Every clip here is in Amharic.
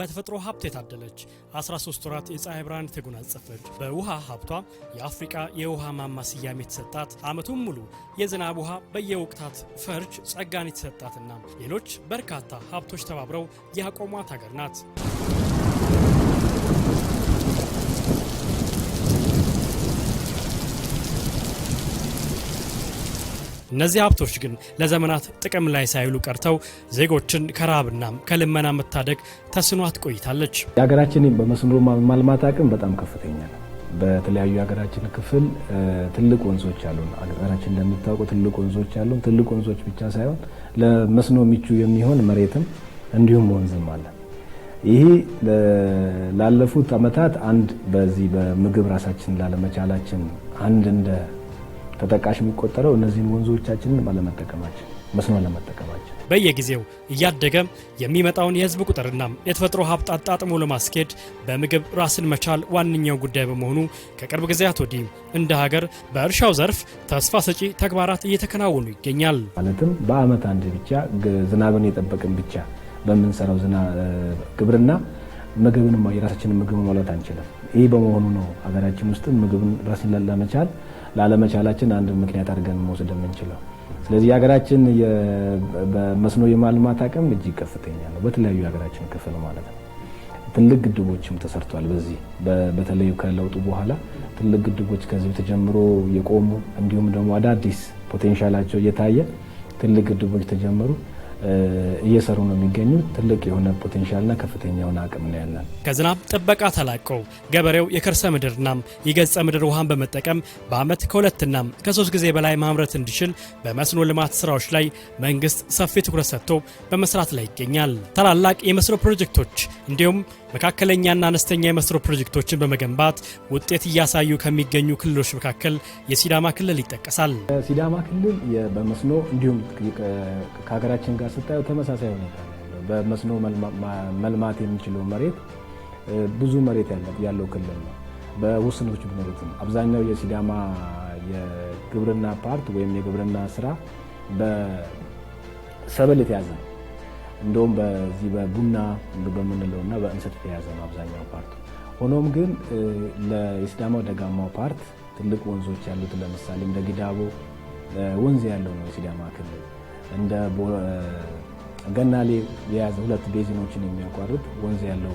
በተፈጥሮ ሀብት የታደለች 13 ወራት የፀሐይ ብርሃን የተጎናጸፈች በውሃ ሀብቷ የአፍሪቃ የውሃ ማማ ስያሜ የተሰጣት አመቱን ሙሉ የዝናብ ውሃ በየወቅታት ፈርጅ ጸጋን የተሰጣትና ሌሎች በርካታ ሀብቶች ተባብረው ያቆሟት ሀገር ናት። እነዚህ ሀብቶች ግን ለዘመናት ጥቅም ላይ ሳይውሉ ቀርተው ዜጎችን ከረሃብናም ከልመና መታደግ ተስኗት ቆይታለች። የሀገራችን በመስኖ ማልማት አቅም በጣም ከፍተኛ ነው። በተለያዩ የሀገራችን ክፍል ትልቅ ወንዞች አሉ። ሀገራችን እንደሚታወቀው ትልቅ ወንዞች አሉ። ትልቅ ወንዞች ብቻ ሳይሆን ለመስኖ ምቹ የሚሆን መሬትም እንዲሁም ወንዝም አለ። ይሄ ላለፉት ዓመታት አንድ በዚህ በምግብ ራሳችን ላለመቻላችን አንድ እንደ ተጠቃሽ የሚቆጠረው እነዚህን ወንዞቻችንን ባለመጠቀማችን መስኖ ለመጠቀማችን በየጊዜው እያደገ የሚመጣውን የህዝብ ቁጥርና የተፈጥሮ ሀብት አጣጥሞ ለማስኬድ በምግብ ራስን መቻል ዋነኛው ጉዳይ በመሆኑ ከቅርብ ጊዜያት ወዲህ እንደ ሀገር በእርሻው ዘርፍ ተስፋ ሰጪ ተግባራት እየተከናወኑ ይገኛል። ማለትም በአመት አንድ ብቻ ዝናብን የጠበቅን ብቻ በምንሰራው ግብርና ምግብን የራሳችንን ምግብ መውለት አንችልም። ይህ በመሆኑ ነው ሀገራችን ውስጥ ምግብን ራስን ለመቻል ላለመቻላችን አንድ ምክንያት አድርገን መውሰድ የምንችለው። ስለዚህ የሀገራችን በመስኖ የማልማት አቅም እጅግ ከፍተኛ ነው፣ በተለያዩ የሀገራችን ክፍል ማለት ነው። ትልቅ ግድቦችም ተሰርቷል። በዚህ በተለይ ከለውጡ በኋላ ትልቅ ግድቦች ከዚህ ተጀምሮ የቆሙ እንዲሁም ደግሞ አዳዲስ ፖቴንሻላቸው እየታየ ትልቅ ግድቦች ተጀመሩ። እየሰሩ ነው የሚገኙት። ትልቅ የሆነ ፖቴንሻልና ከፍተኛውን አቅም ነው ያለን። ከዝናብ ጥበቃ ተላቀው ገበሬው የከርሰ ምድርና የገጸ ምድር ውሃን በመጠቀም በአመት ከሁለትና ከሶስት ጊዜ በላይ ማምረት እንዲችል በመስኖ ልማት ስራዎች ላይ መንግስት ሰፊ ትኩረት ሰጥቶ በመስራት ላይ ይገኛል። ታላላቅ የመስኖ ፕሮጀክቶች እንዲሁም መካከለኛና አነስተኛ የመስኖ ፕሮጀክቶችን በመገንባት ውጤት እያሳዩ ከሚገኙ ክልሎች መካከል የሲዳማ ክልል ይጠቀሳል። ሲዳማ ክልል በመስኖ እንዲሁም ከሀገራችን ጋር ስታየው ተመሳሳይ ሁኔታ በመስኖ መልማት የሚችለው መሬት ብዙ መሬት ያለው ክልል ነው። በውስኖች ነው። አብዛኛው የሲዳማ የግብርና ፓርት ወይም የግብርና ስራ በሰብል የተያዘ ነው። እንደውም በዚህ በቡና በምንለው እና በእንሰት የተያዘ ነው አብዛኛው ፓርቱ። ሆኖም ግን የሲዳማው ደጋማው ፓርት ትልቅ ወንዞች ያሉት ለምሳሌ እንደ ጊዳቦ ወንዝ ያለው ነው የሲዳማ ክልል። እንደ ገናሌ የያዘ ሁለት ቤዚኖችን የሚያቋርጥ ወንዝ ያለው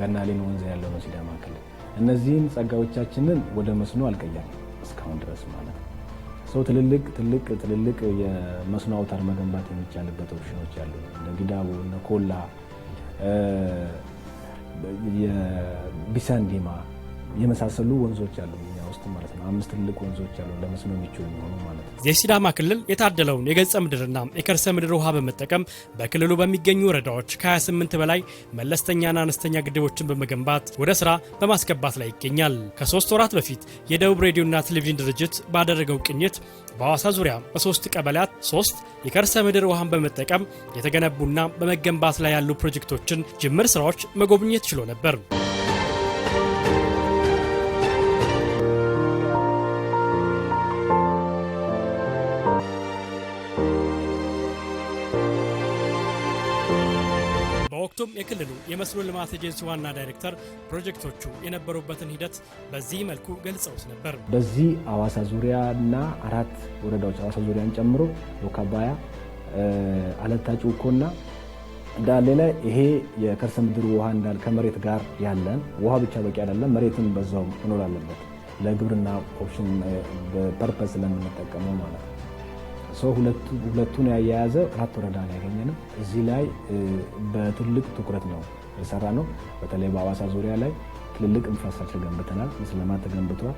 ገናሌን ወንዝ ያለው ነው ሲዳማ ክልል። እነዚህን ጸጋዎቻችንን ወደ መስኖ አልቀያል እስካሁን ድረስ ማለት ነው። ሰው ትልልቅ ትልቅ ትልልቅ የመስኖ አውታር መገንባት የሚቻልበት ኦፕሽኖች አሉ። እንደ ጊዳቦ እነ ኮላ፣ ቢሳንዲማ የመሳሰሉ ወንዞች አሉ። ውስጥ ማለት ነው። አምስት ትልቅ ወንዞች አሉ ለመስኖ የሚችሉ የሚሆኑ ማለት ነው። የሲዳማ ክልል የታደለውን የገጸ ምድርና የከርሰ ምድር ውሃ በመጠቀም በክልሉ በሚገኙ ወረዳዎች ከ28 በላይ መለስተኛና አነስተኛ ግድቦችን በመገንባት ወደ ስራ በማስገባት ላይ ይገኛል። ከሶስት ወራት በፊት የደቡብ ሬዲዮና ቴሌቪዥን ድርጅት ባደረገው ቅኝት በሐዋሳ ዙሪያ በሶስት ቀበሌያት ሶስት የከርሰ ምድር ውሃን በመጠቀም የተገነቡና በመገንባት ላይ ያሉ ፕሮጀክቶችን ጅምር ስራዎች መጎብኘት ችሎ ነበር። ሁለቱም የክልሉ የመስኖ ልማት ኤጀንሲ ዋና ዳይሬክተር ፕሮጀክቶቹ የነበሩበትን ሂደት በዚህ መልኩ ገልጸውት ነበር። በዚህ አዋሳ ዙሪያ እና አራት ወረዳዎች አዋሳ ዙሪያን ጨምሮ ሎካባያ፣ አለታ ጩኮና እንዳለ ላይ ይሄ የከርሰ ምድር ውሃ እንዳል ከመሬት ጋር ያለን ውሃ ብቻ በቂ አይደለም፣ መሬትም በዛው መኖር አለበት። ለግብርና ኦፕሽን በፐርፐስ ለምንጠቀመው ማለት ነው። ሰው ሁለቱን የያዘ አራት ወረዳ ነው ያገኘ ነው። እዚህ ላይ በትልቅ ትኩረት ነው የሰራ ነው። በተለይ በአዋሳ ዙሪያ ላይ ትልልቅ ኢንፍራስትራክቸር ገንብተናል። ምስልማት ተገንብቷል።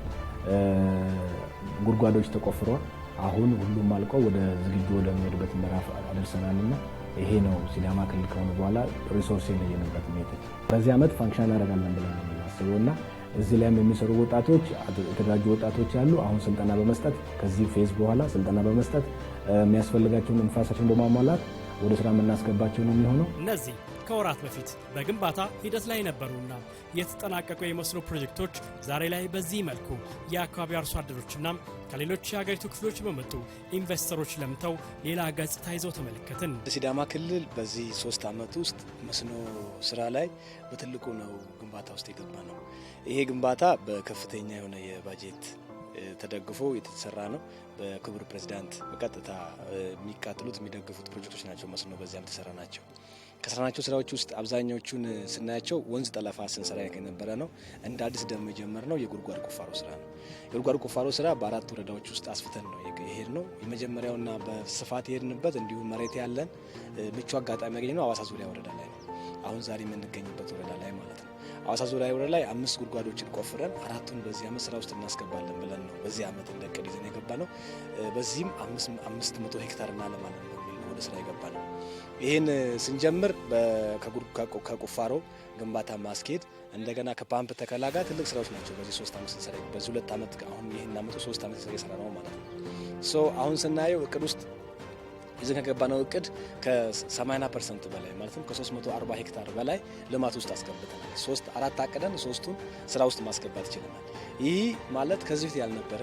ጉድጓዶች ተቆፍሯል። አሁን ሁሉም አልቆ ወደ ዝግጁ ወደሚሄድበት ምዕራፍ አደርሰናልና ይሄ ነው ሲዳማ ክልል ከሆነ በኋላ ሪሶርስ የለየንበት ሜት በዚህ ዓመት ፋንክሽን እናደርጋለን ብለን ነው የምናስበው እና እዚህ ላይም የሚሰሩ ወጣቶች የተደራጁ ወጣቶች አሉ። አሁን ስልጠና በመስጠት ከዚህ ፌዝ በኋላ ስልጠና በመስጠት የሚያስፈልጋቸውን ንፋሳችን በማሟላት ወደ ስራ የምናስገባቸው ነው የሚሆነው። እነዚህ ከወራት በፊት በግንባታ ሂደት ላይ የነበሩና የተጠናቀቁ የመስኖ ፕሮጀክቶች ዛሬ ላይ በዚህ መልኩ የአካባቢ አርሶ አደሮችና ከሌሎች የሀገሪቱ ክፍሎች በመጡ ኢንቨስተሮች ለምተው ሌላ ገጽታ ይዘው ተመለከትን። ሲዳማ ክልል በዚህ ሶስት ዓመት ውስጥ መስኖ ስራ ላይ በትልቁ ነው ግንባታ ውስጥ የገባ ነው። ይሄ ግንባታ በከፍተኛ የሆነ የባጀት ተደግፎ የተሰራ ነው። በክቡር ፕሬዚዳንት በቀጥታ የሚቃጥሉት የሚደግፉት ፕሮጀክቶች ናቸው። መስኖ በዚያም የተሰራ ናቸው። ከሰራናቸው ስራዎች ውስጥ አብዛኛዎቹን ስናያቸው ወንዝ ጠለፋ ስንሰራ የነበረ ነው። እንደ አዲስ ደግሞ የጀመርነው የጉድጓድ ቁፋሮ ስራ ነው። የጉድጓድ ቁፋሮ ስራ በአራት ወረዳዎች ውስጥ አስፍተን ነው የሄድ ነው። የመጀመሪያውና በስፋት የሄድንበት እንዲሁም መሬት ያለን ምቹ አጋጣሚ ያገኘ ነው አዋሳ ዙሪያ ወረዳ ላይ ነው። አሁን ዛሬ የምንገኝበት ወረዳ ላይ ማለት አዋሳ ዙሪያ ወረ ላይ አምስት ጉድጓዶችን ቆፍረን አራቱን በዚህ አመት ስራ ውስጥ እናስገባለን ብለን ነው በዚህ አመት እንደ እቅድ ይዘን የገባ ነው። በዚህም አምስት መቶ ሄክታር እናለማለን በሚል ወደ ስራ የገባ ነው። ይህን ስንጀምር ከቁፋሮ ግንባታ ማስኬድ እንደገና ከፓምፕ ተከላ ጋር ትልቅ ስራዎች ናቸው። በዚህ ሶስት ዓመት ስንሰራ በዚህ ሁለት ዓመት አሁን ይህን ዓመቱ ሶስት ዓመት የሰራ ነው ማለት ነው። አሁን ስናየው እቅድ ውስጥ ይዘን ከገባነው እቅድ ከ80 ፐርሰንት በላይ ማለትም ከ340 ሄክታር በላይ ልማት ውስጥ አስገብተናል። ሶስት አራት አቅደን ሶስቱን ስራ ውስጥ ማስገባት ይችለናል። ይህ ማለት ከዚህ በፊት ያልነበረ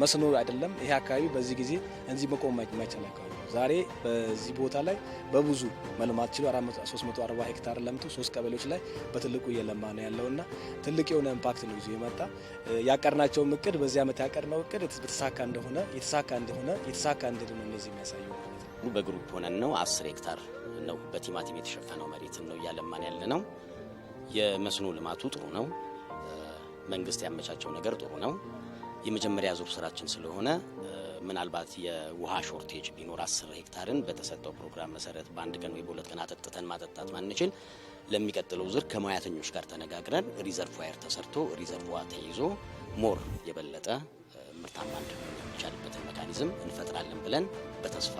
መስኖ አይደለም። ይሄ አካባቢ በዚህ ጊዜ እንዚህ መቆም የማይቻል አካባቢ ዛሬ በዚህ ቦታ ላይ በብዙ መልማት ችሎ 340 ሄክታር ለምቶ ሶስት ቀበሌዎች ላይ በትልቁ እየለማ ነው ያለውና ትልቅ የሆነ ኢምፓክት ነው ይዞ የመጣ ያቀርናቸውን እቅድ በዚህ ዓመት ያቀርነው እቅድ የተሳካ እንደሆነ የተሳካ እንደሆነ የተሳካ እንደሆነ እነዚህ የሚያሳየው ማለት ነው። በግሩፕ ሆነን ነው 10 ሄክታር ነው በቲማቲም የተሸፈነው መሬትን ነው እያለማን ያለ ነው። የመስኖ ልማቱ ጥሩ ነው። መንግስት ያመቻቸው ነገር ጥሩ ነው። የመጀመሪያ ዙር ስራችን ስለሆነ ምናልባት የውሃ ሾርቴጅ ቢኖር አስር ሄክታርን በተሰጠው ፕሮግራም መሰረት በአንድ ቀን ወይ በሁለት ቀን አጠጥተን ማጠጣት ማንችል ለሚቀጥለው ዝር ከሙያተኞች ጋር ተነጋግረን ሪዘርቫየር ተሰርቶ ሪዘርቫ ተይዞ ሞር የበለጠ ምርታማ እንድንሆን የሚቻልበትን ሜካኒዝም እንፈጥራለን ብለን በተስፋ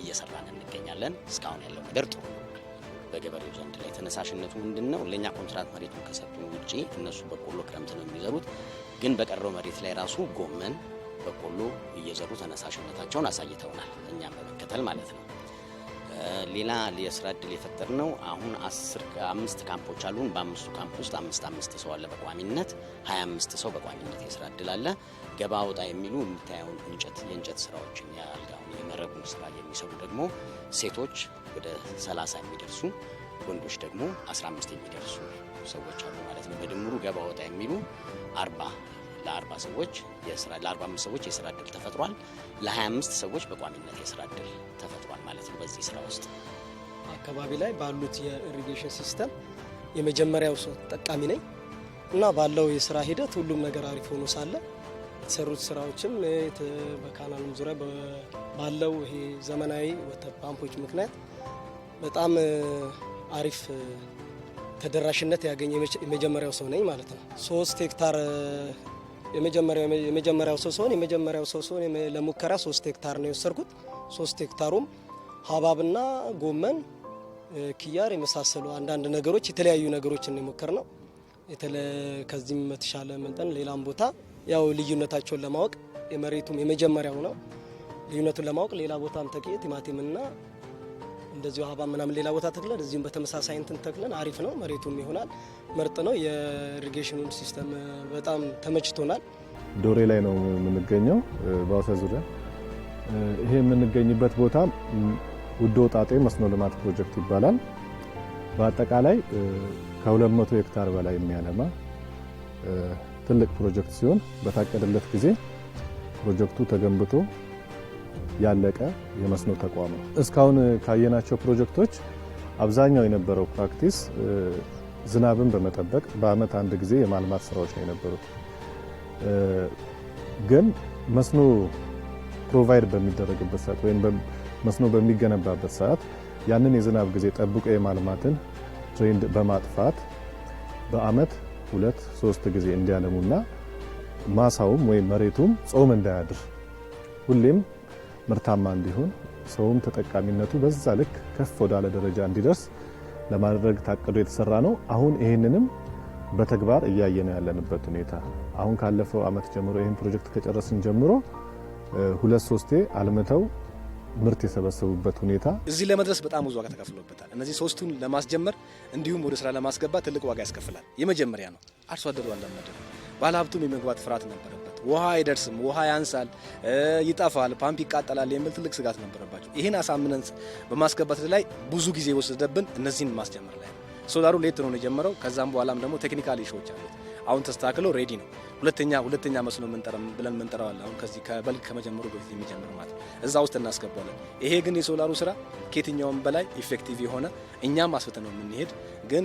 እየሰራን እንገኛለን። እስካሁን ያለው ነገር ጥሩ ነው። በገበሬው ዘንድ ላይ ተነሳሽነቱ ምንድን ነው? ለእኛ ኮንትራት መሬቱን ከሰጡ ውጪ እነሱ በቆሎ ክረምት ነው የሚዘሩት። ግን በቀረው መሬት ላይ ራሱ ጎመን በቆሎ እየዘሩ ተነሳሽነታቸውን አሳይተውናል። እኛም በመከተል ማለት ነው። ሌላ የስራ እድል የፈጠር ነው። አሁን አምስት ካምፖች አሉን። በአምስቱ ካምፕ ውስጥ አምስት አምስት ሰው አለ በቋሚነት ሀያ አምስት ሰው በቋሚነት የስራ እድል አለ። ገባ ወጣ የሚሉ የምታየውን እንጨት የእንጨት ስራዎችን ያልጋሁን የመረቡን ስራ የሚሰሩ ደግሞ ሴቶች ወደ ሰላሳ የሚደርሱ ወንዶች ደግሞ አስራ አምስት የሚደርሱ ሰዎች አሉ ማለት ነው። በድምሩ ገባ ወጣ የሚሉ አርባ ለአርባ ሰዎች የስራ ለአርባ አምስት ሰዎች የስራ እድል ተፈጥሯል። አምስት ሰዎች በቋሚነት የስራ እድል ተፈጥሯል ማለት ነው። በዚህ ስራ ውስጥ አካባቢ ላይ ባሉት የኢሪጌሽን ሲስተም የመጀመሪያው ሰው ተጠቃሚ ነኝ እና ባለው የስራ ሂደት ሁሉም ነገር አሪፍ ሆኖ ሳለ የተሰሩት ስራዎችም በካናሉም ዙሪያ ባለው ይሄ ዘመናዊ ወተት ፓምፖች ምክንያት በጣም አሪፍ ተደራሽነት ያገኘ የመጀመሪያው ሰው ነኝ ማለት ነው። ሶስት ሄክታር የመጀመሪያው ሰው ሲሆን የመጀመሪያው ሰው ሲሆን ለሙከራ ሶስት ሄክታር ነው የወሰድኩት። ሶስት ሄክታሩም ሀባብና ጎመን፣ ክያር የመሳሰሉ አንዳንድ ነገሮች የተለያዩ ነገሮችን የሞከር ነው። ከዚህም በተሻለ መጠን ሌላም ቦታ ያው ልዩነታቸውን ለማወቅ የመሬቱም የመጀመሪያው ነው ልዩነቱን ለማወቅ ሌላ ቦታም ተቂ ቲማቲምና እንደዚሁ ሀባ ምናምን ሌላ ቦታ ተክለን እዚሁም በተመሳሳይ እንትን ተክለን አሪፍ ነው። መሬቱም ይሆናል ምርጥ ነው። የኢሪጌሽኑን ሲስተም በጣም ተመችቶናል። ዶሬ ላይ ነው የምንገኘው በአውሳ ዙሪያ። ይሄ የምንገኝበት ቦታ ውዶ ጣጤ መስኖ ልማት ፕሮጀክት ይባላል። በአጠቃላይ ከ200 ሄክታር በላይ የሚያለማ ትልቅ ፕሮጀክት ሲሆን በታቀደለት ጊዜ ፕሮጀክቱ ተገንብቶ ያለቀ የመስኖ ተቋም ነው። እስካሁን ካየናቸው ፕሮጀክቶች አብዛኛው የነበረው ፕራክቲስ ዝናብን በመጠበቅ በዓመት አንድ ጊዜ የማልማት ስራዎች ነው የነበሩት። ግን መስኖ ፕሮቫይድ በሚደረግበት ሰዓት ወይም መስኖ በሚገነባበት ሰዓት ያንን የዝናብ ጊዜ ጠብቆ የማልማትን ትሬንድ በማጥፋት በዓመት ሁለት ሶስት ጊዜ እንዲያለሙና ማሳውም ወይም መሬቱም ጾም እንዳያድር ሁሌም ምርታማ እንዲሆን ሰውም ተጠቃሚነቱ በዛ ልክ ከፍ ወዳለ ደረጃ እንዲደርስ ለማድረግ ታቅዶ የተሰራ ነው። አሁን ይህንንም በተግባር ነው ያለንበት ሁኔታ አሁን ካለፈው ዓመት ጀምሮ ይህን ፕሮጀክት ከጨረስን ጀምሮ ሁለት ሶስቴ አልምተው ምርት የሰበሰቡበት ሁኔታ እዚህ ለመድረስ በጣም ብዙ ዋጋ ተከፍሎበታል። እነዚህ ሶስቱን ለማስጀመር እንዲሁም ወደ ስራ ለማስገባት ትልቅ ዋጋ ያስከፍላል። የመጀመሪያ ነው፣ አርሶ አደሩ አልለመደም። ባለሀብቱም የመግባት ፍርሃት ነበረ። ውሃ አይደርስም፣ ውሃ ያንሳል፣ ይጠፋል፣ ፓምፕ ይቃጠላል የሚል ትልቅ ስጋት ነበረባቸው። ይህን አሳምነን በማስገባት ላይ ብዙ ጊዜ ወሰደብን። እነዚህን ማስጀመር ላይ ሶላሩ ሌት ነው የጀመረው። ከዛም በኋላም ደግሞ ቴክኒካል ኢሹዎች አሉት። አሁን ተስተካክሎ ሬዲ ነው። ሁለተኛ ሁለተኛ መስኖ ብለን ምንጠራዋል። አሁን ከዚህ ከበልግ ከመጀመሩ በፊት የሚጀምር ማለት እዛ ውስጥ እናስገባለን። ይሄ ግን የሶላሩ ስራ ከየትኛውም በላይ ኢፌክቲቭ የሆነ እኛም አስፈተ ነው የምንሄድ። ግን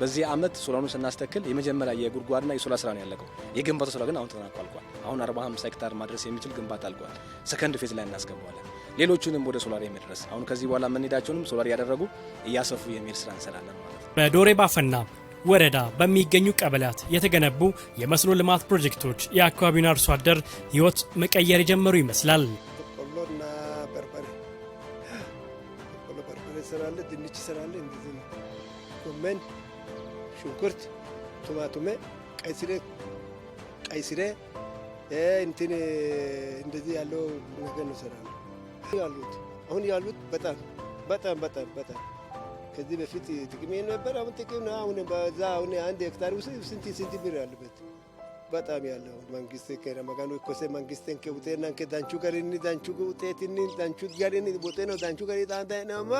በዚህ አመት ሶላሩን ስናስተክል የመጀመሪያ የጉድጓድና የሶላር ስራ ነው ያለቀው። የግንባታው ስራ ግን አሁን ተጠናቋልቋል። አሁን 45 ሄክታር ማድረስ የሚችል ግንባታ አልቋል። ሰከንድ ፌዝ ላይ እናስገባዋለን። ሌሎቹንም ወደ ሶላር የመድረስ አሁን ከዚህ በኋላ መንሄዳቸውንም ሶላር ያደረጉ እያሰፉ የሚል ስራ እንሰራለን ማለት ነው። በዶሬ ባፈና ወረዳ በሚገኙ ቀበሌያት የተገነቡ የመስኖ ልማት ፕሮጀክቶች የአካባቢውን አርሶ አደር ሕይወት መቀየር የጀመሩ ይመስላል። በቆሎና በርበሬ በቆሎ በርበሬ ድንች እንደዚህ ነው። ጎመን፣ ሽንኩርት፣ ቱማቱሜ፣ ቀይስሬ ቀይስሬ እንትን እንደዚህ ያለው ነገር ነው ያሉት አሁን ያሉት በጣም በጣም በጣም በጣም ከዚህ በፊት ጥቅሜ ነበር። አሁን ጥቅም ነው። አሁን በዛ አሁን አንድ ሄክታር ውስጥ ስንት ስንት ብር ያለበት በጣም ያለው መንግስት ከረመጋኑ ኮሴ መንግስትን ከውጤና ከዳንቹ ጋሪኒ ዳንቹ ውጤትኒ ዳንቹ ጋሪኒ ነው ዳንቹ ጋሪ ጣንታ ነሞ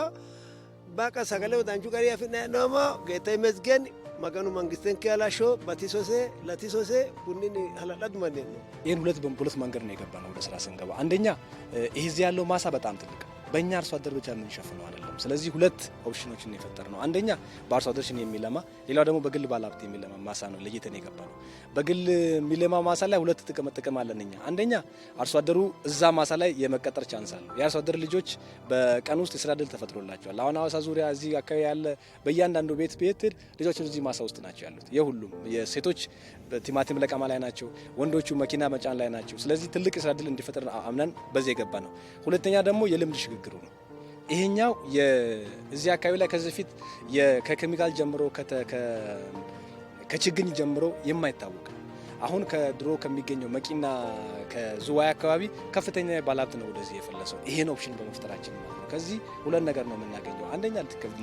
በቃ ሰገለው ዳንቹ ጋሪ ያፍና ነሞ ጌታ ይመስገን። መገኑ መንግስትን ከያላሾ በቲሶሴ ለቲሶሴ ቡኒን ሀላላት ማለት ነው። ይህን ሁለት በሁለት መንገድ ነው የገባ ነው ወደ ስራ ስንገባ። አንደኛ ይህዚ ያለው ማሳ በጣም ትልቅ ነው። በእኛ አርሶ አደር ብቻ የምንሸፍነው አይደለም። ስለዚህ ሁለት ኦፕሽኖችን የፈጠር ነው። አንደኛ በአርሶ ሽን የሚለማ ሌላው ደግሞ በግል ባለሀብት የሚለማ ማሳ ነው ለይተን የገባ ነው። በግል የሚለማ ማሳ ላይ ሁለት ጥቅም ጥቅም አለን እኛ አንደኛ አርሶ አደሩ እዛ ማሳ ላይ የመቀጠር ቻንስ አለ የአርሶ አደር ልጆች በቀን ውስጥ የስራ እድል ተፈጥሮላቸዋል። አሁን ሀዋሳ ዙሪያ እዚህ አካባቢ ያለ በእያንዳንዱ ቤት ቤት ልጆች እዚህ ማሳ ውስጥ ናቸው ያሉት። የሁሉም የሴቶች ቲማቲም ለቀማ ላይ ናቸው፣ ወንዶቹ መኪና መጫን ላይ ናቸው። ስለዚህ ትልቅ የስራ እድል እንዲፈጥር አምነን በዚህ የገባ ነው። ሁለተኛ ደግሞ የልምድ ሽግግር ችግሩ ነው። ይሄኛው እዚህ አካባቢ ላይ ከዚህ ፊት ከኬሚካል ጀምሮ ከችግኝ ጀምሮ የማይታወቅ አሁን ከድሮ ከሚገኘው መቂና ከዝዋይ አካባቢ ከፍተኛ ባለሀብት ነው ወደዚህ የፈለሰው። ይሄን ኦፕሽን በመፍጠራችን ማለት ነው። ከዚህ ሁለት ነገር ነው የምናገኘው። አንደኛ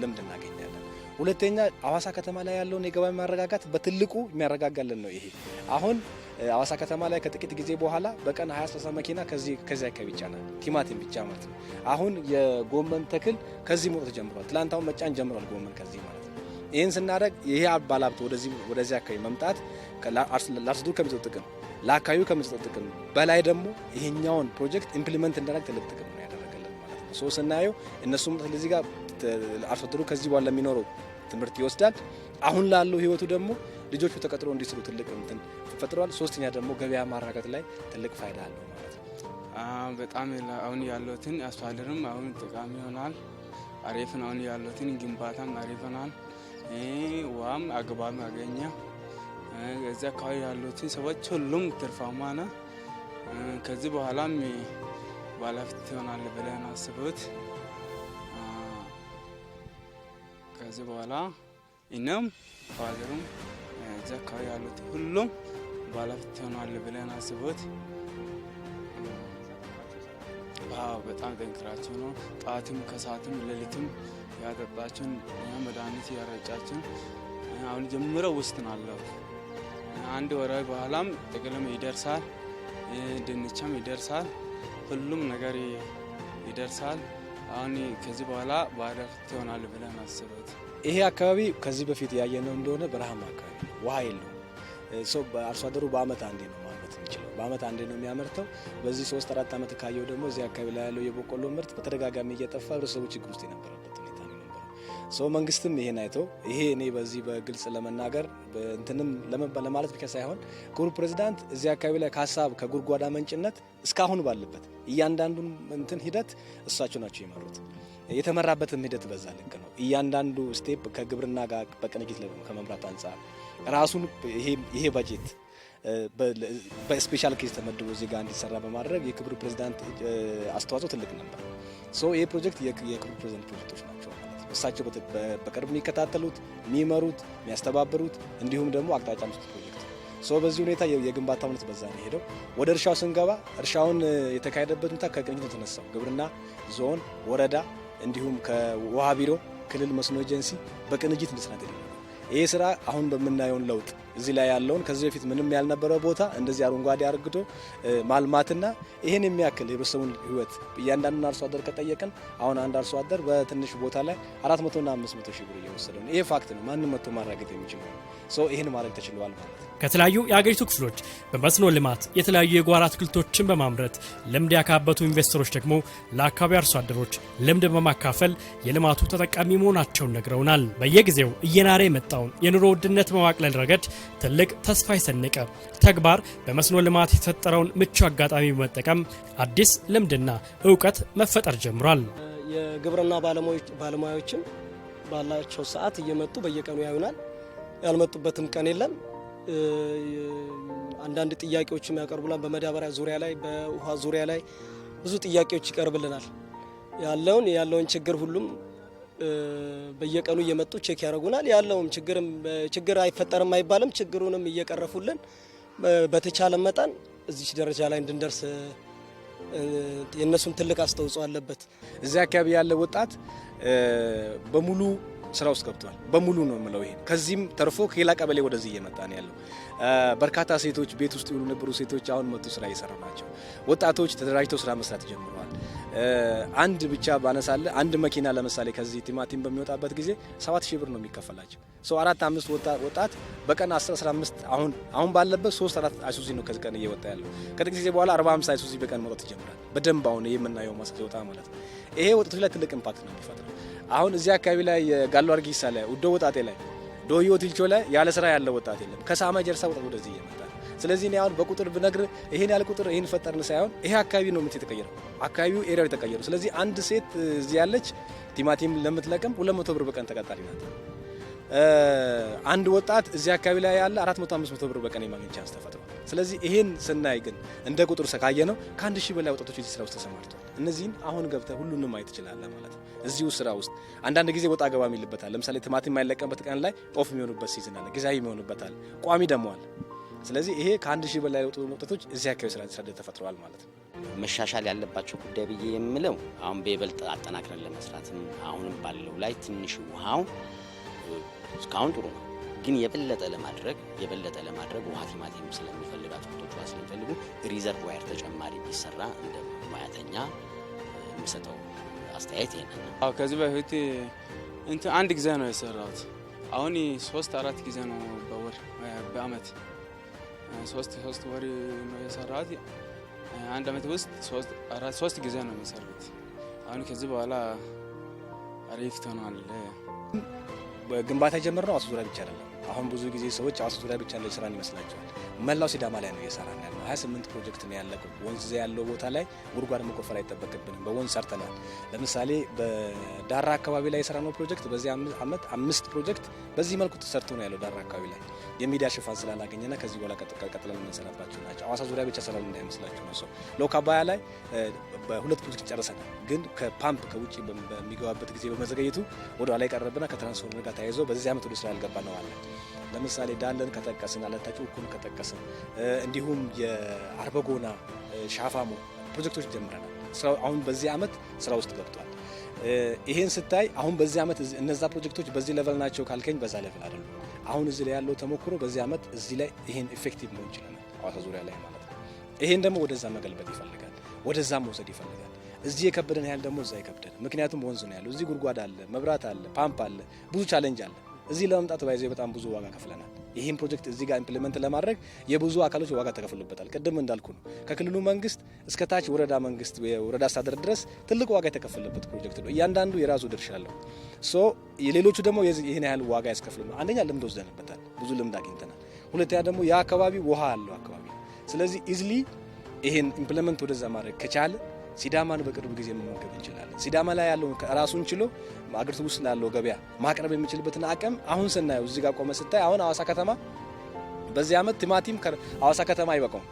ልምድ እናገኛለን። ሁለተኛ አዋሳ ከተማ ላይ ያለውን የገበያ ማረጋጋት በትልቁ የሚያረጋጋልን ነው ይሄ አሁን አዋሳ ከተማ ላይ ከጥቂት ጊዜ በኋላ በቀን 23 መኪና ከዚህ ከዚህ አካባቢ ይጫናል። ቲማቲም ብቻ ማለት ነው። አሁን የጎመን ተክል ከዚህ መውጣት ጀምሯል። ትላንት መጫን ጀምሯል ጎመን ከዚህ ማለት ነው። ይህን ስናደርግ ይሄ ባለሀብት ወደዚህ ወደዚህ አካባቢ መምጣት ለአርሶ አደሩ ከሚሰጠው ጥቅም ለአካባቢው ከሚሰጠው ጥቅም በላይ ደግሞ ይሄኛውን ፕሮጀክት ኢምፕሊመንት እንዳደረግ ትልቅ ጥቅም ነው ያደረገልን ማለት ነው። ሶ ስናየው እነሱ መጥተው ለዚህ ጋር አርሶ አደሩ ከዚህ በኋላ የሚኖረው ትምህርት ይወስዳል። አሁን ላለው ህይወቱ ደግሞ ልጆቹ ተቀጥሮ እንዲስሉ ትልቅ እንትን ፈጥረዋል። ሶስተኛ ደግሞ ገበያ ማራገጥ ላይ ትልቅ ፋይዳ አለው ማለት ነው። በጣም አሁን ያለትን አስተዳደርም አሁን ጠቃሚ ይሆናል። አሪፍን አሁን ያለትን ግንባታም አሪፍናል። ውሃም አግባብ አገኘ። እዚያ አካባቢ ያሉትን ሰዎች ሁሉም ትርፋማ ነ ከዚህ በኋላም ባለፊት ይሆናል ብለን አስቡት። ከዚህ በኋላ እኛም ፋዘሩም እዚህ አካባቢ ያሉት ሁሉም ባለሀብት ሆኗል ብለን አስቦት በጣም ጠንክራችሁ ነው ጣትም ከሰዓትም ሌሊትም ያጠጣችን መድኃኒት ያረጫችን አሁን ጀምረው ውስጥ ናለሁ አንድ ወራዊ በኋላም ጥቅልም ይደርሳል፣ ድንቻም ይደርሳል፣ ሁሉም ነገር ይደርሳል። አሁን ከዚህ በኋላ ባለፍት ይሆናል ብለን አስበት። ይሄ አካባቢ ከዚህ በፊት ያየነው እንደሆነ በረሃማ አካባቢ ውሃ የለውም። ሰው አርሶ አደሩ በአመት አንዴ ነው ማምረት የሚችለው። በአመት አንዴ ነው የሚያመርተው። በዚህ ሶስት አራት አመት ካየው ደግሞ እዚህ አካባቢ ላይ ያለው የበቆሎ ምርት በተደጋጋሚ እየጠፋ ህብረተሰቡ ችግር ውስጥ ነበር። ሰው መንግስትም ይሄን አይቶ ይሄ እኔ በዚህ በግልጽ ለመናገር እንትንም ለማለት ብቻ ሳይሆን ክቡር ፕሬዚዳንት እዚህ አካባቢ ላይ ከሀሳብ ከጉርጓዳ መንጭነት እስካሁን ባለበት እያንዳንዱን እንትን ሂደት እሳቸው ናቸው የመሩት። የተመራበትም ሂደት በዛ ልክ ነው። እያንዳንዱ ስቴፕ ከግብርና ጋር በቅንጅት ከመምራት አንጻር ራሱን ይሄ በጀት በስፔሻል ኬዝ ተመድቦ እዚህ ጋር እንዲሰራ በማድረግ የክቡር ፕሬዚዳንት አስተዋጽኦ ትልቅ ነበር። ይህ ፕሮጀክት የክቡር ፕሬዚዳንት ፕሮጀክቶች ናቸው። እሳቸው በቅርብ የሚከታተሉት የሚመሩት፣ የሚያስተባብሩት እንዲሁም ደግሞ አቅጣጫ ምስት ፕሮጀክት ሶ በዚህ ሁኔታ የግንባታ እውነት በዛ ነው የሄደው። ወደ እርሻው ስንገባ እርሻውን የተካሄደበት ሁኔታ ከቅንጅት የተነሳው ግብርና ዞን፣ ወረዳ እንዲሁም ከውሃ ቢሮ፣ ክልል መስኖ ኤጀንሲ በቅንጅት እንዲሰራ ይሄ ስራ አሁን በምናየውን ለውጥ እዚህ ላይ ያለውን ከዚህ በፊት ምንም ያልነበረ ቦታ እንደዚህ አረንጓዴ አርግቶ ማልማትና ይህን የሚያክል የበሰቡን ህይወት እያንዳንዱን አርሶ አደር ከጠየቅን አሁን አንድ አርሶ አደር በትንሽ ቦታ ላይ አራት መቶና አምስት መቶ ሺህ ብር እየወሰደ ነው። ይሄ ፋክት ነው። ማንም መቶ ማራገጥ የሚችል ነው። ይህን ማድረግ ተችሏል ማለት ነው። ከተለያዩ የአገሪቱ ክፍሎች በመስኖ ልማት የተለያዩ የጓሮ አትክልቶችን በማምረት ልምድ ያካበቱ ኢንቨስተሮች ደግሞ ለአካባቢ አርሶ አደሮች ልምድ በማካፈል የልማቱ ተጠቃሚ መሆናቸውን ነግረውናል። በየጊዜው እየናረ የመጣውን የኑሮ ውድነት በማቅለል ረገድ ትልቅ ተስፋ የሰነቀ ተግባር በመስኖ ልማት የተፈጠረውን ምቹ አጋጣሚ በመጠቀም አዲስ ልምድና እውቀት መፈጠር ጀምሯል። የግብርና ባለሙያዎችም ባላቸው ሰዓት እየመጡ በየቀኑ ያዩናል። ያልመጡበትም ቀን የለም። አንዳንድ ጥያቄዎችም ያቀርቡላል። በመዳበሪያ ዙሪያ ላይ በውሃ ዙሪያ ላይ ብዙ ጥያቄዎች ይቀርብልናል። ያለውን ያለውን ችግር ሁሉም በየቀኑ እየመጡ ቼክ ያደርጉናል። ያለውም ችግር አይፈጠርም አይባልም። ችግሩንም እየቀረፉልን በተቻለ መጠን እዚች ደረጃ ላይ እንድንደርስ የእነሱም ትልቅ አስተዋጽኦ አለበት። እዚህ አካባቢ ያለ ወጣት በሙሉ ስራ ውስጥ ገብቷል። በሙሉ ነው የምለው። ይሄ ከዚህም ተርፎ ከሌላ ቀበሌ ወደዚህ እየመጣ ነው ያለው። በርካታ ሴቶች ቤት ውስጥ የሆኑ ነበሩ ሴቶች አሁን መጡ፣ ስራ እየሰሩ ናቸው። ወጣቶች ተደራጅተው ስራ መስራት ጀምረዋል። አንድ ብቻ ባነሳለ አንድ መኪና ለምሳሌ ከዚህ ቲማቲም በሚወጣበት ጊዜ 7000 ብር ነው የሚከፈላቸው። ሰው አራት አምስት ወጣት በቀን 10 15 አሁን አሁን ባለበት 3 4 አይሱዚ ነው ከዚህ ቀን እየወጣ ያለው። ከጥቂት ጊዜ በኋላ 40 አይሱዚ በቀን መውጣት ይጀምራል። በደንብ አሁን የምናየው ማሳ ሲወጣ ማለት ነው። ይሄ ወጣቶች ላይ ትልቅ ኢምፓክት ነው የሚፈጥረው። አሁን እዚህ አካባቢ ላይ ጋሎ አርጊሳ ላይ ውዶ ወጣቴ ላይ ዶዮ ትልቾ ላይ ያለ ስራ ያለ ወጣት የለም። ከሳማ ጀርሳ ወጣት ወደዚህ እየመጣ ስለዚህ እኔ አሁን በቁጥር ብነግር ይሄን ያህል ቁጥር ይሄን ፈጠርን ሳይሆን ይሄ አካባቢ ነው ምት የተቀየረው አካባቢው ኤሪያው የተቀየረው። ስለዚህ አንድ ሴት እዚህ ያለች ቲማቲም ለምትለቅም 200 ብር በቀን ተቀጣሪ ናት። አንድ ወጣት እዚህ አካባቢ ላይ ያለ 4500 ብር በቀን የማግኘት ቻንስ ተፈጥሯል። ስለዚህ ይሄን ስናይ ግን እንደ ቁጥር ሰካየ ነው ከአንድ ሺህ በላይ ወጣቶች እዚህ ስራ ውስጥ ተሰማርተዋል። እነዚህን አሁን ገብተ ሁሉንም ማየት ትችላለህ ማለት ነው። እዚሁ ስራ ውስጥ አንዳንድ ጊዜ ወጣ ገባ የሚልበታል። ለምሳሌ ቲማቲም የማይለቀምበት ቀን ላይ ኦፍ የሚሆኑበት ሲዝን አለ፣ ጊዜያዊ አለ፣ ቋሚ አለ። ስለዚህ ይሄ ከአንድ ሺህ በላይ ለውጥ ወጣቶች እዚህ አካባቢ ስራ ተፈጥረዋል ማለት ነው። መሻሻል ያለባቸው ጉዳይ ብዬ የምለው አሁን በይበልጥ አጠናክረን ለመስራትም አሁንም ባለው ላይ ትንሽ ውሃው እስካሁን ጥሩ ነው፣ ግን የበለጠ ለማድረግ የበለጠ ለማድረግ ውሃ ቲማቲም ስለሚፈልግ አትክልቶች ውሃ ስለሚፈልጉ ሪዘርቭ ዋየር ተጨማሪ ቢሰራ እንደ ሙያተኛ የሚሰጠው አስተያየት ይሄንን ከዚህ በፊት እንትን አንድ ጊዜ ነው የሰራሁት። አሁን ሶስት አራት ጊዜ ነው በወር በአመት ሶስት ሶስት ወር ነው የሰራት። አንድ አመት ውስጥ ሶስት ጊዜ ነው የሰሩት። አሁን ከዚህ በኋላ አሪፍ ትሆናል። ግንባታ ጀምር ነው አሱ ዙሪያ ብቻ አይደለም አሁን ብዙ ጊዜ ሰዎች አዋሳ ዙሪያ ብቻ ያለው ስራን ይመስላቸዋል። መላው ሲዳማ ላይ ነው እየሰራን ያለው። 28 ፕሮጀክት ነው ያለቁ። ወንዝ ያለው ቦታ ላይ ጉድጓድ መቆፈር አይጠበቅብንም። በወንዝ ሰርተናል። ለምሳሌ በዳራ አካባቢ ላይ የሰራነው ፕሮጀክት በዚህ አመት አምስት ፕሮጀክት በዚህ መልኩ ተሰርቶ ነው ያለው። ዳራ አካባቢ ላይ የሚዲያ ሽፋን ስላላገኘና ከዚህ በኋላ ቀጥለን የምንሰራባቸው ናቸው። አዋሳ ዙሪያ ብቻ ሰላም እንዳይመስላቸው ነው ሰው ባያ ላይ በሁለት ፕሮጀክት ጨርሰናል። ግን ከፓምፕ ከውጭ በሚገባበት ጊዜ በመዘገየቱ ወደኋላ የቀረብና ከትራንስፎርመር ጋር ተያይዘው በዚህ አመት ወደ ስራ ያልገባ ነው አለ ለምሳሌ ዳለን ከጠቀስን፣ አለንታጭ ኩል ከጠቀስን፣ እንዲሁም የአርበጎና ሻፋሞ ፕሮጀክቶች ጀምረናል። ስራው አሁን በዚህ አመት ስራ ውስጥ ገብቷል። ይሄን ስታይ አሁን በዚህ አመት እነዛ ፕሮጀክቶች በዚህ ሌቨል ናቸው ካልከኝ በዛ ሌቨል አይደሉም። አሁን እዚህ ላይ ያለው ተሞክሮ በዚህ አመት እዚህ ላይ ይሄን ኢፌክቲቭ መሆን ይችላል፣ ሐዋሳ ዙሪያ ላይ ማለት ነው። ይሄን ደግሞ ወደዛ መገልበጥ ይፈልጋል፣ ወደዛ መውሰድ ይፈልጋል። እዚህ የከበደን ያህል ደግሞ እዛ ይከብደን። ምክንያቱም ወንዝ ነው ያለው፣ እዚህ ጉድጓድ አለ፣ መብራት አለ፣ ፓምፕ አለ፣ ብዙ ቻሌንጅ አለ። እዚህ ለመምጣት ባይዘ በጣም ብዙ ዋጋ ከፍለናል። ይህን ፕሮጀክት እዚህ ጋር ኢምፕሊመንት ለማድረግ የብዙ አካሎች ዋጋ ተከፍሎበታል። ቅድም እንዳልኩ ነው ከክልሉ መንግስት እስከ ታች ወረዳ መንግስት ወረዳ አስተዳደር ድረስ ትልቅ ዋጋ የተከፈለበት ፕሮጀክት ነው። እያንዳንዱ የራሱ ድርሻ አለው። ሶ የሌሎቹ ደግሞ ይህን ያህል ዋጋ ያስከፍሉ ነው። አንደኛ ልምድ ወስደንበታል፣ ብዙ ልምድ አግኝተናል። ሁለተኛ ደግሞ የአካባቢ ውሃ አለው አካባቢ ስለዚህ ኢዝሊ ይህን ኢምፕሊመንት ወደዛ ማድረግ ከቻለ ሲዳማን በቅርብ ጊዜ መመገብ እንችላለን። ሲዳማ ላይ ያለው ራሱን ችሎ አገሪቱ ውስጥ ላለው ገበያ ማቅረብ የሚችልበትን አቅም አሁን ስናየው እዚህ ጋር ቆመ ስታይ አሁን አዋሳ ከተማ በዚህ ዓመት ቲማቲም አዋሳ ከተማ አይበቃውም።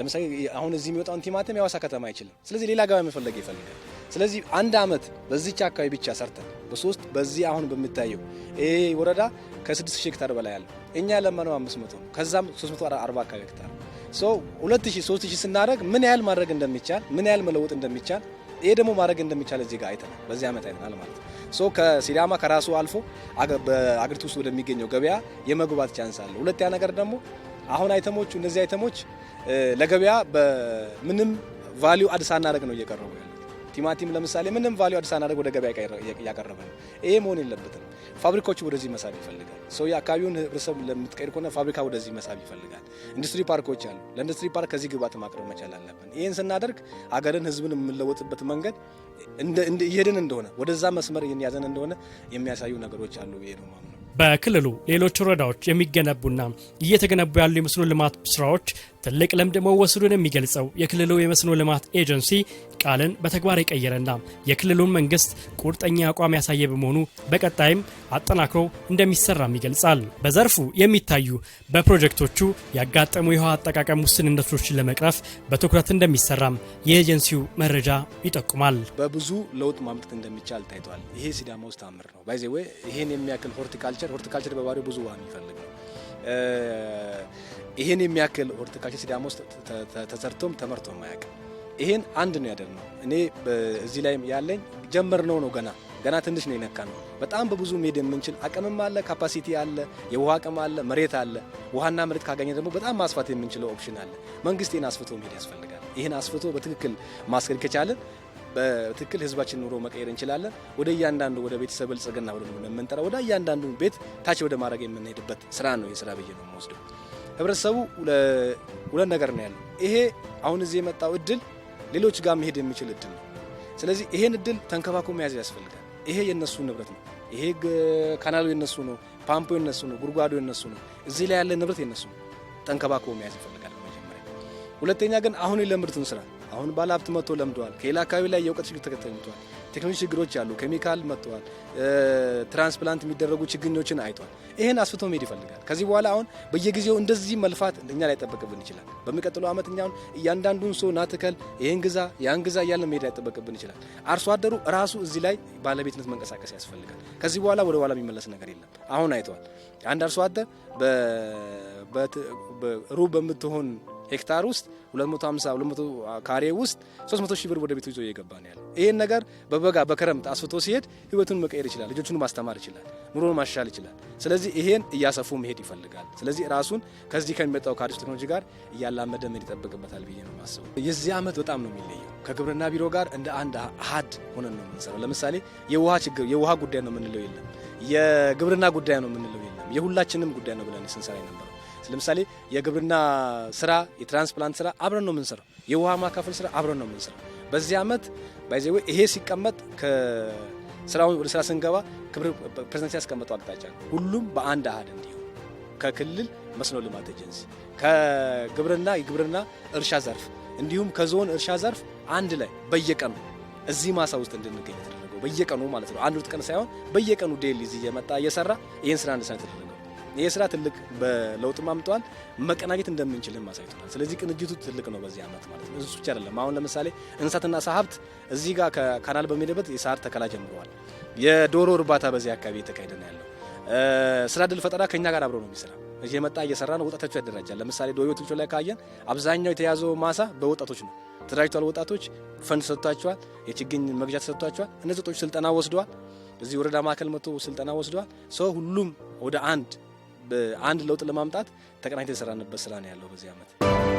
ለምሳሌ አሁን እዚህ የሚወጣውን ቲማቲም የሀዋሳ ከተማ አይችልም። ስለዚህ ሌላ ገበያ መፈለግ ይፈልጋል። ስለዚህ አንድ ዓመት በዚች አካባቢ ብቻ ሰርተን በሶስት በዚህ አሁን በሚታየው ይሄ ወረዳ ከ6000 ሄክታር በላይ ያለ እኛ ለመነው 500 ከዛም 340 አካባቢ ሄክታር ሁለት ሺህ ሶስት ሺህ ስናደርግ ምን ያህል ማድረግ እንደሚቻል ምን ያህል መለወጥ እንደሚቻል ይሄ ደግሞ ማድረግ እንደሚቻል እዚህ ጋር አይተናል። በዚህ ዓመት አይተናል ማለት ሶ ከሲዳማ ከራሱ አልፎ በአገሪቱ ውስጥ ወደሚገኘው ገበያ የመግባት ቻንስ አለ። ሁለተኛ ነገር ደግሞ አሁን አይተሞቹ እነዚህ አይተሞች ለገበያ በምንም ቫሊዩ አድሳ አናደርግ ነው እየቀረቡ ቲማቲም ለምሳሌ ምንም ቫሊዩ አዲስ አናደርግ ወደ ገበያ እያቀረበ ነው። ይሄ መሆን የለበትም። ፋብሪካዎች ወደዚህ መሳብ ይፈልጋል ሰው የአካባቢውን ህብረተሰብ ለምትቀይር ከሆነ ፋብሪካ ወደዚህ መሳብ ይፈልጋል። ኢንዱስትሪ ፓርኮች አሉ። ለኢንዱስትሪ ፓርክ ከዚህ ግባት ማቅረብ መቻል አለብን። ይህን ስናደርግ አገርን፣ ህዝብን የምንለወጥበት መንገድ እየሄድን እንደሆነ ወደዛ መስመር እየያዘን እንደሆነ የሚያሳዩ ነገሮች አሉ ይሄ ነው በክልሉ ሌሎች ወረዳዎች የሚገነቡና እየተገነቡ ያሉ የመስኖ ልማት ስራዎች ትልቅ ልምድ መወሰዱን የሚገልጸው የክልሉ የመስኖ ልማት ኤጀንሲ ቃልን በተግባር የቀየረና የክልሉን መንግስት ቁርጠኛ አቋም ያሳየ በመሆኑ በቀጣይም አጠናክሮ እንደሚሰራም ይገልጻል። በዘርፉ የሚታዩ በፕሮጀክቶቹ ያጋጠሙ የውሃ አጠቃቀም ውስንነቶችን ለመቅረፍ በትኩረት እንደሚሰራም የኤጀንሲው መረጃ ይጠቁማል። በብዙ ለውጥ ማምጣት እንደሚቻል ታይቷል። ይሄ ሲዳማ ውስጥ አምር ነው። ባይዘዌ ይህን የሚያክል ሆርቲካልቸር ሆርቲካልቸር በባሪ ብዙ ውሃ የሚፈልግ ነው ይህን የሚያክል ሆርቲካልቸር ሲዳማ ውስጥ ተሰርቶም ተመርቶ ማያውቅም። ይህን አንድ ነው ነው። እኔ እዚህ ላይ ያለኝ ጀመርነው ነው ገና ገና ትንሽ ነው የነካ ነው። በጣም በብዙ መሄድ የምንችል አቅምም አለ፣ ካፓሲቲ አለ፣ የውሃ አቅም አለ፣ መሬት አለ። ውሃና መሬት ካገኘ ደግሞ በጣም ማስፋት የምንችለው ኦፕሽን አለ። መንግስት ይህን አስፍቶ መሄድ ያስፈልጋል። ይህን አስፍቶ በትክክል ማስገድ ከቻለን በትክክል ህዝባችን ኑሮ መቀየር እንችላለን። ወደ እያንዳንዱ ወደ ቤተሰብ ብልጽግና ብለን የምንጠራው ወደ እያንዳንዱ ቤት ታች ወደ ማድረግ የምንሄድበት ስራ ነው የስራ ብዬ ነው የምወስደው። ህብረተሰቡ ሁለት ነገር ነው ያለው። ይሄ አሁን እዚህ የመጣው እድል ሌሎች ጋር መሄድ የሚችል እድል ነው። ስለዚህ ይሄን እድል ተንከባክቦ መያዝ ያስፈልጋል። ይሄ የነሱ ንብረት ነው። ይሄ ካናሉ የነሱ ነው። ፓምፖ የነሱ ነው። ጉድጓዱ የነሱ ነው። እዚህ ላይ ያለ ንብረት የነሱ ነው። ተንከባክቦ መያዝ ይፈልጋል መጀመሪያ። ሁለተኛ ግን አሁን የለምድትን ስራ አሁን ባለ ሀብት መጥቶ ለምደዋል። ከሌላ አካባቢ ላይ የእውቀት ችግር ተከተልቷል። ቴክኖሎጂ ችግሮች አሉ። ኬሚካል መጥተዋል። ትራንስፕላንት የሚደረጉ ችግኞችን አይቷል። ይህን አስፍቶ መሄድ ይፈልጋል። ከዚህ በኋላ አሁን በየጊዜው እንደዚህ መልፋት እኛ ላይ ጠበቅብን ይችላል። በሚቀጥለው ዓመት እኛ እያንዳንዱን ሰው ናትከል ይህን ግዛ ያን ግዛ እያለ መሄድ ላይ ጠበቅብን ይችላል። አርሶ አደሩ ራሱ እዚህ ላይ ባለቤትነት መንቀሳቀስ ያስፈልጋል። ከዚህ በኋላ ወደ ኋላ የሚመለስ ነገር የለም። አሁን አይተዋል። አንድ አርሶ አደር ሩብ በምትሆን ሄክታር ውስጥ 250 ካሬ ውስጥ 300 ሺህ ብር ወደ ቤቱ ይዞ እየገባ ነው ያለው። ይሄን ነገር በበጋ በክረምት አስፍቶ ሲሄድ ህይወቱን መቀየር ይችላል፣ ልጆቹን ማስተማር ይችላል፣ ኑሮን ማሻል ይችላል። ስለዚህ ይሄን እያሰፉ መሄድ ይፈልጋል። ስለዚህ ራሱን ከዚህ ከሚመጣው ከአዲሱ ቴክኖሎጂ ጋር እያላመደ መሄድ ይጠበቅበታል ብዬ ነው የማስበው። የዚህ ዓመት በጣም ነው የሚለየው። ከግብርና ቢሮ ጋር እንደ አንድ አሀድ ሆነን ነው የምንሰራው። ለምሳሌ የውሃ ችግር የውሃ ጉዳይ ነው የምንለው የለም፣ የግብርና ጉዳይ ነው የምንለው የለም፣ የሁላችንም ጉዳይ ነው ብለን ስንሰራ ነበር። ለምሳሌ የግብርና ስራ፣ የትራንስፕላንት ስራ አብረን ነው የምንሰራው። የውሃ ማካፈል ስራ አብረን ነው የምንሰራው። በዚህ ዓመት ባይዘዌ ይሄ ሲቀመጥ ከስራው ወደ ስራ ስንገባ ክብር ፕሬዝደንት ያስቀመጠው አቅጣጫ ሁሉም በአንድ አህድ እንዲሆን ከክልል መስኖ ልማት ኤጀንሲ ከግብርና የግብርና እርሻ ዘርፍ እንዲሁም ከዞን እርሻ ዘርፍ አንድ ላይ በየቀኑ እዚህ ማሳ ውስጥ እንድንገኝ የተደረገው በየቀኑ ማለት ነው። አንድ ቀን ሳይሆን በየቀኑ ዴሊ እዚህ እየመጣ እየሰራ ይህን ስራ እንድሰራ የተደረገው ይሄ ስራ ትልቅ በለውጥ ማምጠዋል መቀናጀት እንደምንችልም አሳይቶናል። ስለዚህ ቅንጅቱ ትልቅ ነው በዚህ አመት ማለት ነው። እሱ ብቻ አይደለም። አሁን ለምሳሌ እንስሳትና ዓሳ ሀብት እዚህ ጋር ከካናል በሚሄድበት የሳር ተከላ ጀምረዋል። የዶሮ እርባታ በዚህ አካባቢ እየተካሄደ ነው ያለው። ስራ ድል ፈጠራ ከኛ ጋር አብሮ ነው የሚሰራ እየመጣ እየሰራ ነው። ወጣቶቹ ያደራጃል። ለምሳሌ ትልቾ ላይ ካየን አብዛኛው የተያዘው ማሳ በወጣቶች ነው ተደራጅቷል። ወጣቶች ፈንድ ተሰጥቷቸዋል። የችግኝ መግዣ ተሰጥቷቸዋል። እነዚህ ወጣቶች ስልጠና ወስደዋል። እዚህ ወረዳ ማዕከል መጥቶ ስልጠና ወስደዋል። ሰው ሁሉም ወደ አንድ አንድ ለውጥ ለማምጣት ተቀናጅተን የሰራንበት ስራ ነው ያለው በዚህ ዓመት።